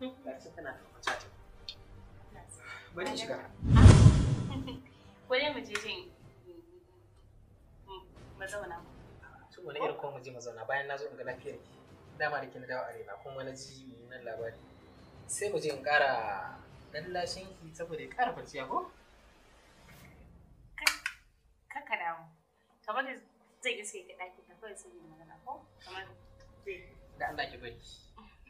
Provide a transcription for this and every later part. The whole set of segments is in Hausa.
Gashi kana kwata ta. Bari shiga. Wani mu je jin mazauna. Shin wani irin kuma mu je mazauna bayan na zo in ga lafiyar ki. Dama da kin dawo arena kuma na ji nan labari. Sai mu je in ƙara lallashin ki saboda ya ƙara kwanciya ko? Kaka damu. Kamar zai iske ka ɗakin ka kawai sai magana ko? Kamar zai. Da Allah ki bari.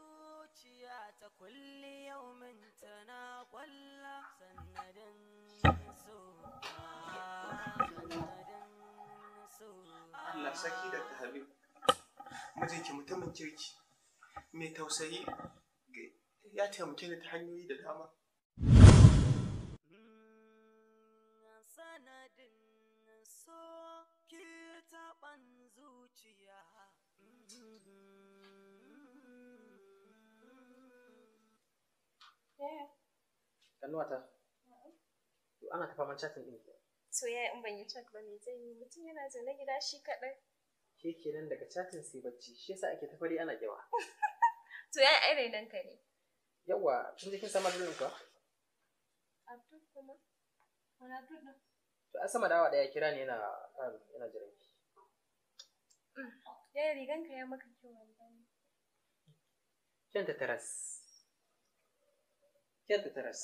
zuciya ta kulli yaumin na kwalla sanadin so Allah saki da ta habib mijinki mutumin kirki mai tausayi ya taimake ni ta hanyoyi da dama mm, sanadin so taɓan zuciya mm, Kanuwata. To ana ta faman chatin din ke. So ya in ban yi chat ba me zai yi mutum yana zaune gida shi kaɗai. Shi kenan daga chatin sai bacci shi yasa ake tafari ana kewa. to ya ai rainan ka ne. Yawa kin je kin sama dalilin ka? Abdul kuma. Wani Abdul din? To a sama dawa daya kira ne yana um, yana jiran ki. Mm. Ya rigan ka ya maka kyau wannan. Kyan ta taras. Kyan ta taras.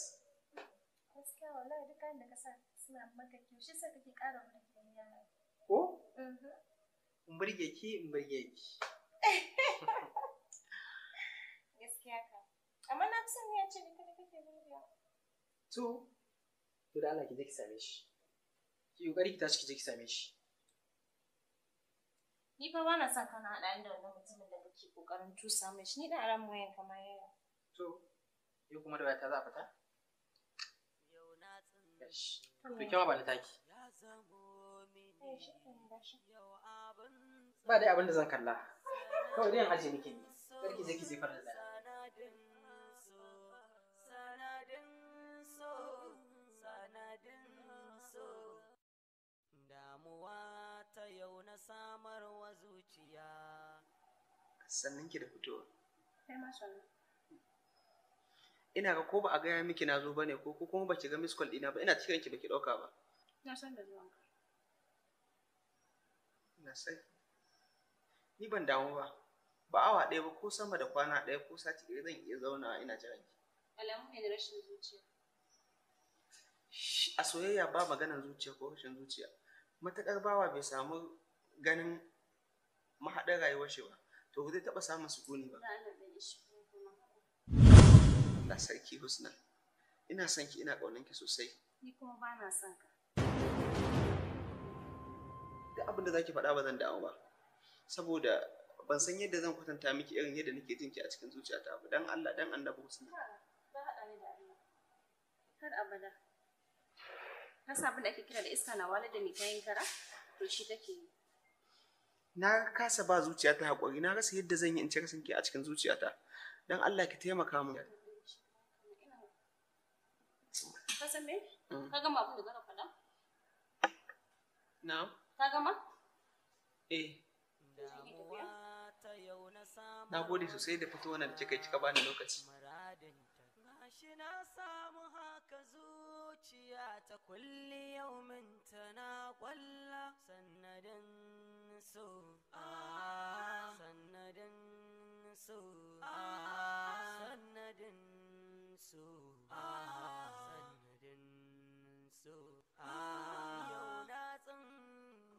gaskiya wallahi duk kayan da ka sa suna maka kyau shi sa kake ƙara wani gidan yara ko mhm. in burge ki in burge ki gaskiya ka amma na fi son ya ce ni kada kake burgewa to to da Allah ki je ki same shi ki kokari ki tashi ki je ki same shi ni fa bana son kana haɗa da wannan mutumin da kake kokarin tusa mai shi ni da aran wayan kamar yaya to yau kuma da wata za a fita to ba taki dai abinda zan kalla kawai dai ne karki zai zai fara damuwa ta yau na samarwa zuciya sannan ki da fito. kai ma sannan ina ga ko ba a gaya miki na zo bane ko ko kuma baki ga miss call dina ba ina cikin ki baki ɗauka ba na san da zuwan ka na sai ni ban damu ba ba awa ɗaya ba ko sama da kwana ɗaya ko sati ɗaya zan iya zauna ina jiran ki alamu ne na rashin zuciya a soyayya ba magana zuciya ko rashin zuciya matakar bawa bai samu ganin mahaɗar rayuwar shi ba to zai taɓa samun sukuni ba. Allah sarki Husna. Ina son ki ina ƙaunar ki sosai. Ni kuma ba na son ka. da abin da zaki faɗa ba zan damu ba. Saboda ban san yadda zan kwatanta miki irin yadda nake jin ki a cikin zuciyata ba. Dan Allah dan Annabi Husna. Ba haɗa ni da Allah. Kar abada. Ka san abin da ake kira da iska na wala da yin kara? To shi take yi. Na kasa ba zuciyata haƙuri, na rasa yadda zan yi in ci ki a cikin zuciyata. Dan Allah ki taimaka min. ka san me mm. da zaka faɗa eh. na gode sosai da fito wannan kika kika bani lokaci gashi na samu haka zuciya ta kulli yaumin na kwalla sannadin so sannadin so sannadin so so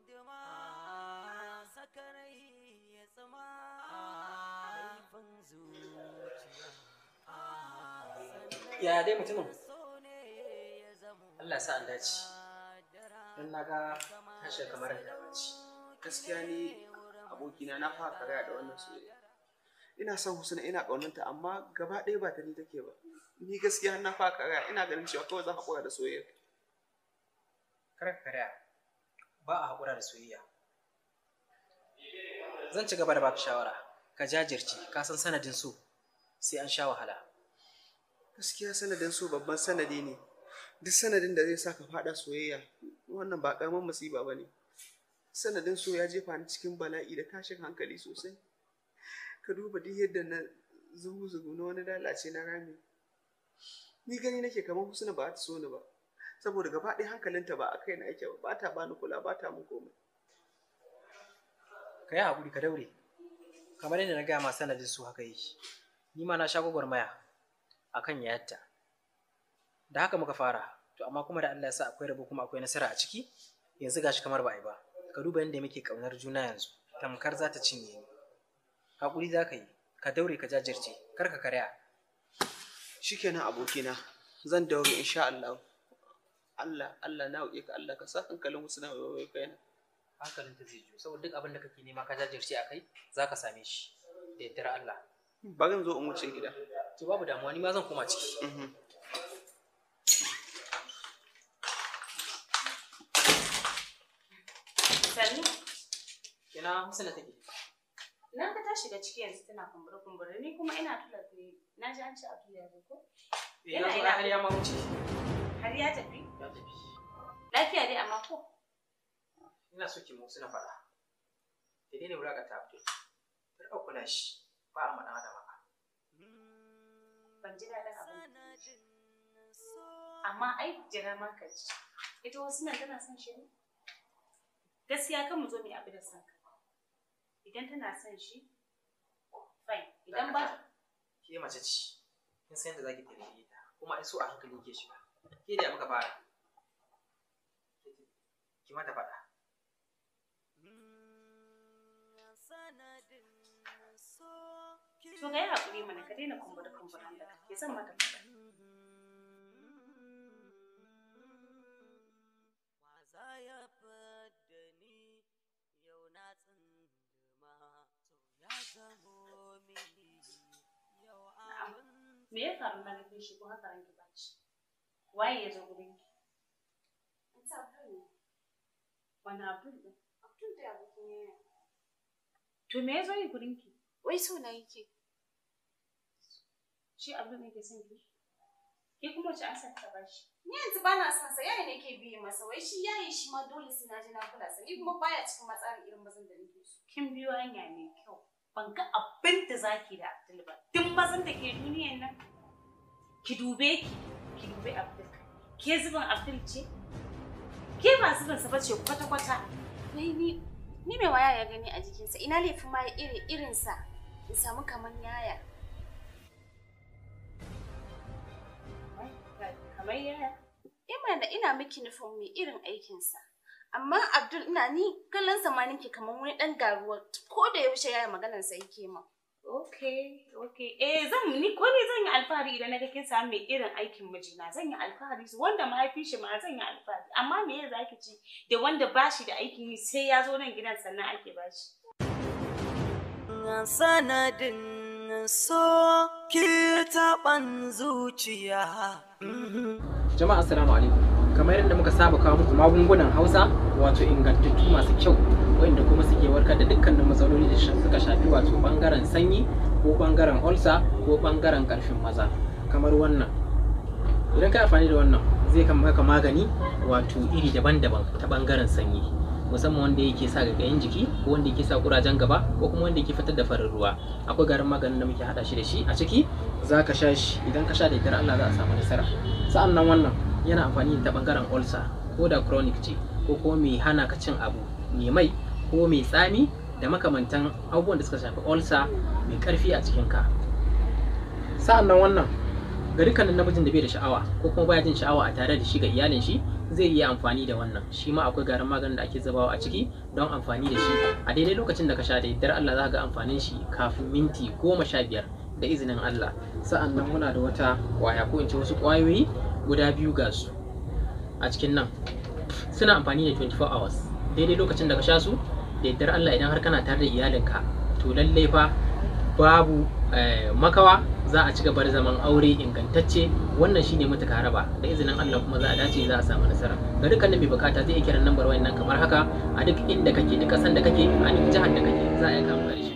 yau sakarai ya haifin zuciya ya dai mutumin Allah sa an dace don na ga tashi kamar da dace gaskiya ne abokina na fara karaya da wannan soyayya ina son husna ina ƙaunanta amma gaba ɗaya ba ta ni take ba ni gaskiya na fara karaya ina ganin cewa kawai zan haƙura da soyayya kar ka karya ba a haƙura da soyayya zan ci gaba da baka shawara ka jajirce ka san sanadin so sai an sha wahala gaskiya sanadin su babban sanadi ne duk sanadin da zai sa ka faɗa soyayya wannan ba ƙaramin musiba ba ne sanadin su ya jefa ni cikin bala'i da tashin hankali sosai ka duba duk yadda na zugu na wani lalace na rami ni gani nake kamar husna ba ta so ni ba saboda gaba ɗaya hankalinta ba a kai na yake ba ba ta bani kula ba ta mun komai ka yi haƙuri ka daure kamar yadda na gaya ma sanadin su haka yi. ni ma na sha gwagwarmaya a kan yayatta da haka muka fara to amma kuma da Allah ya sa akwai rabo kuma akwai nasara a ciki yanzu gashi kamar ba a yi ba ka duba yadda muke ƙaunar juna yanzu tamkar za ta cinye ni haƙuri za ka yi ka daure ka jajirce kar ka karya shikenan abokina zan daure insha Allah Allah Allah na roƙe ka Allah ka sa hankalin wasu na roƙe kai yana hankalin ta zai jiyo saboda duk abin da kake nema ka jajirce a kai za ka same shi da tara Allah ba zan zo in wuce gida to babu damuwa ni ma zan koma ciki mhm. Sani? take? Na ka ta shiga ciki yanzu tana kumbura kumbura ni kuma ina tula ne na ji an ci a tula ko? Ina eh, ina har ya ma wuce. Har ya tafi? Ya tafi. Lafiya dai amma ko? Ina so ki motsi na faɗa. Da dai ne wulaƙanta Abdul. Kar a kula shi ba a maɗa da maka. Ban ji daɗin abin. Amma ai jira ma ka ji. Ita wasu nan tana son shi ne? Gaskiya kan mu zo mu yi abu da son Idan tana son shi, fine. Idan ba. Ke mace ce. Kin san yadda za ki tarbiyye ta. Kuma ai so a hankali ke shiga. ke da muka fara ki mata faɗa to ga yi haƙuri mana ka daina kumbura kumburan da ke, zan mata faɗa Me ya faru na ganin shi ko haka ranke waye ya zo gurin ki an abu ne wani abdul ba abdul da abokin yaya to me ya zo yi gurin ki wai so na yake shi abu ne ke son ki ke kuma ci asar ta ba shi ni yanzu ba na son sa yaya ne ke biye masa wai shi yayi shi ma dole sai na je na kula sa ni kuma baya cikin matsalar irin mazan da nake so kin biyo hanya ne kyau ban ga abin da zaki da abdul ba duk mazan da ke duniyan nan ki dube ki ki dube abdul Ke zubin Abdul ce? Ke ba zubin sa bace kwata-kwata. Wai ni ni waya ya gani a jikinsa ina laifin ma iri sa in samu kamar yaya. Kamar yaya? Ina da ina miki nufin mai irin aikinsa. Amma Abdul ina ni kallon sa ma nake kamar wani ɗan garuwa ko da yaushe yaya maganar sa yake min. Okay, okay. Eh zan ni ko ne zan yi alfahari idan na ga kin samu mai irin aikin mijina zan yi alfahari wanda mahaifin shi ma zan yi alfahari amma me ya zaki ci da wanda bashi da aikin yi sai ya zo nan gidan sannan ake ba shi Sanadin so ki taɓan zuciya. Jama'a assalamu alaikum. Kamar yadda muka saba kawo muku magungunan Hausa wato ingantattu masu kyau wanda kuma suke warkar da dukkanin matsaloli da suka shafi wato bangaren sanyi ko bangaren ulcer ko bangaren karfin maza kamar wannan idan ka amfani da wannan zai kan maka magani wato iri daban-daban ta bangaren sanyi musamman wanda yake sa gagayen jiki ko wanda yake sa kurajen gaba ko kuma wanda yake fitar da farin ruwa akwai garin maganin da muke hada shi da shi a ciki za ka sha shi idan ka sha da idan Allah za a samu nasara sa'an wannan yana amfani da bangaren ulcer ko da chronic ce ko kuma mai hana ka cin abu mai mai ko mai tsami da makamantan abubuwan da suka shafi olsa mai karfi a cikinka sa'annan wannan ga dukkanin namijin da bai da sha'awa ko kuma baya jin sha'awa a tare da shi ga iyalin shi zai iya amfani da wannan shi ma akwai garin maganin da ake zubawa a ciki don amfani da shi a daidai lokacin da ka sha da yaddar Allah za ga amfanin shi kafin minti goma sha biyar da izinin Allah sa'annan muna da wata kwaya ko in ce wasu kwayoyi guda biyu ga su a cikin nan suna amfani da 24 hours daidai lokacin da ka sha su da yaddar Allah idan har kana tare da iyalinka to lalle fa babu eh, makawa za a ci gaba da zaman aure ingantacce wannan shine mutuka haraba da izinin Allah kuma za a dace za a samu nasara ga dukkanin mai bukata zai iya kiran lambar wayannan kamar haka a duk inda kake duk kasan da kake a duk jihar da kake za a yi kamar